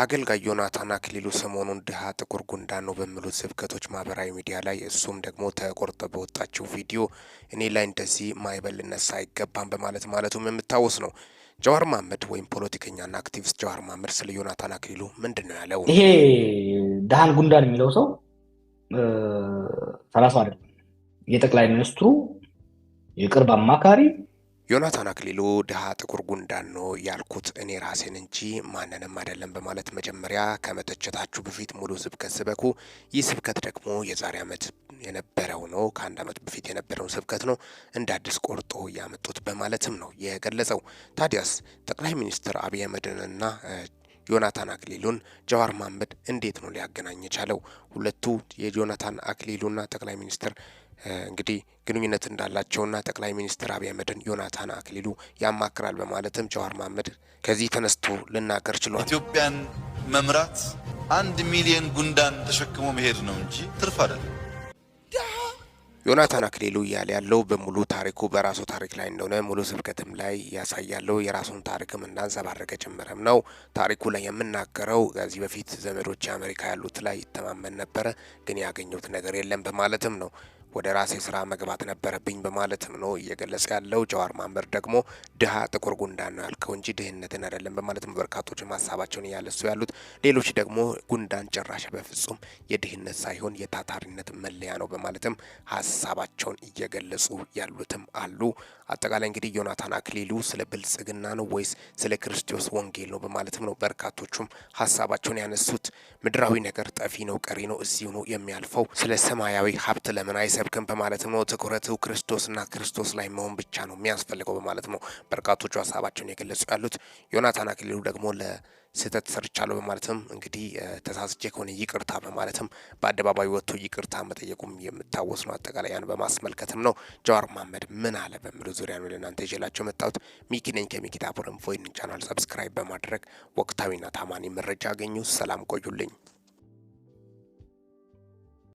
አገልጋይ ዮናታን አክሊሉ ሰሞኑን ድሃ ጥቁር ጉንዳን ነው በሚሉት ስብከቶች ማህበራዊ ሚዲያ ላይ እሱም ደግሞ ተቆርጦ በወጣቸው ቪዲዮ እኔ ላይ እንደዚህ ማይበል ነሳ አይገባም በማለት ማለቱም የሚታወስ ነው። ጀዋር ማህመድ ወይም ፖለቲከኛና አክቲቪስት ጀዋር ማህመድ ስለ ዮናታን አክሊሉ ምንድን ነው ያለው? ይሄ ድሀን ጉንዳን የሚለው ሰው ሰላሳ አይደለም፣ የጠቅላይ ሚኒስትሩ የቅርብ አማካሪ ዮናታን አክሊሉ ድሃ ጥቁር ጉንዳን ነው ያልኩት እኔ ራሴን እንጂ ማንንም አይደለም በማለት መጀመሪያ ከመተቸታችሁ በፊት ሙሉ ስብከት ስበኩ። ይህ ስብከት ደግሞ የዛሬ ዓመት የነበረው ነው፣ ከአንድ ዓመት በፊት የነበረውን ስብከት ነው እንደ አዲስ ቆርጦ ያመጡት በማለትም ነው የገለጸው። ታዲያስ ጠቅላይ ሚኒስትር አብይ አህመድንና ዮናታን አክሊሉን ጀዋር መሐመድ እንዴት ነው ሊያገናኝ የቻለው? ሁለቱ የዮናታን አክሊሉና ጠቅላይ ሚኒስትር እንግዲህ ግንኙነት እንዳላቸውና ጠቅላይ ሚኒስትር አብይ አህመድን ዮናታን አክሊሉ ያማክራል በማለትም ጀዋር መሐመድ ከዚህ ተነስቶ ልናገር ችሏል። ኢትዮጵያን መምራት አንድ ሚሊዮን ጉንዳን ተሸክሞ መሄድ ነው እንጂ ትርፍ አይደለም። ዮናታን አክሊሉ እያለ ያለው በሙሉ ታሪኩ በራሱ ታሪክ ላይ እንደሆነ ሙሉ ስብከትም ላይ ያሳያለው የራሱን ታሪክም እንዳንጸባረቀ ጭምርም ነው። ታሪኩ ላይ የምናገረው ከዚህ በፊት ዘመዶች አሜሪካ ያሉት ላይ ይተማመን ነበረ፣ ግን ያገኙት ነገር የለም በማለትም ነው ወደ ራሴ ስራ መግባት ነበረብኝ በማለትም ነው እየገለጸ ያለው። ጀዋር መሀመድ ደግሞ ድሀ ጥቁር ጉንዳን ነው ያልከው እንጂ ድህነትን አይደለም በማለትም በርካቶች ሀሳባቸውን እያለሱ ያሉት፣ ሌሎች ደግሞ ጉንዳን ጭራሽ በፍጹም የድህነት ሳይሆን የታታሪነት መለያ ነው በማለትም ሀሳባቸውን እየገለጹ ያሉትም አሉ። አጠቃላይ እንግዲህ ዮናታን አክሊሉ ስለ ብልጽግና ነው ወይስ ስለ ክርስቶስ ወንጌል ነው በማለትም ነው በርካቶቹም ሀሳባቸውን ያነሱት። ምድራዊ ነገር ጠፊ ነው፣ ቀሪ ነው፣ እዚሁ ነው የሚያልፈው። ስለ ሰማያዊ ሀብት ለምን አይሰ አልሰበክም በማለትም ነው። ትኩረቱ ክርስቶስና ክርስቶስ ላይ መሆን ብቻ ነው የሚያስፈልገው በማለት ነው በርካቶቹ ሀሳባቸውን የገለጹ ያሉት። ዮናታን አክሊሉ ደግሞ ለ ስህተት ሰርቻለሁ በማለትም እንግዲህ ተሳስቼ ከሆነ ይቅርታ በማለትም በአደባባይ ወጥቶ ይቅርታ መጠየቁም የምታወስ ነው። አጠቃላይ ያን በማስመልከትም ነው ጃዋር መሀመድ ምን አለ በሚሉ ዙሪያ ነው ለእናንተ ይዤላቸው መጣሁት። ሚኪ ነኝ ከሚኪታ ቻናል ሰብስክራይብ በማድረግ ወቅታዊና ታማኒ መረጃ አገኙ። ሰላም ቆዩልኝ።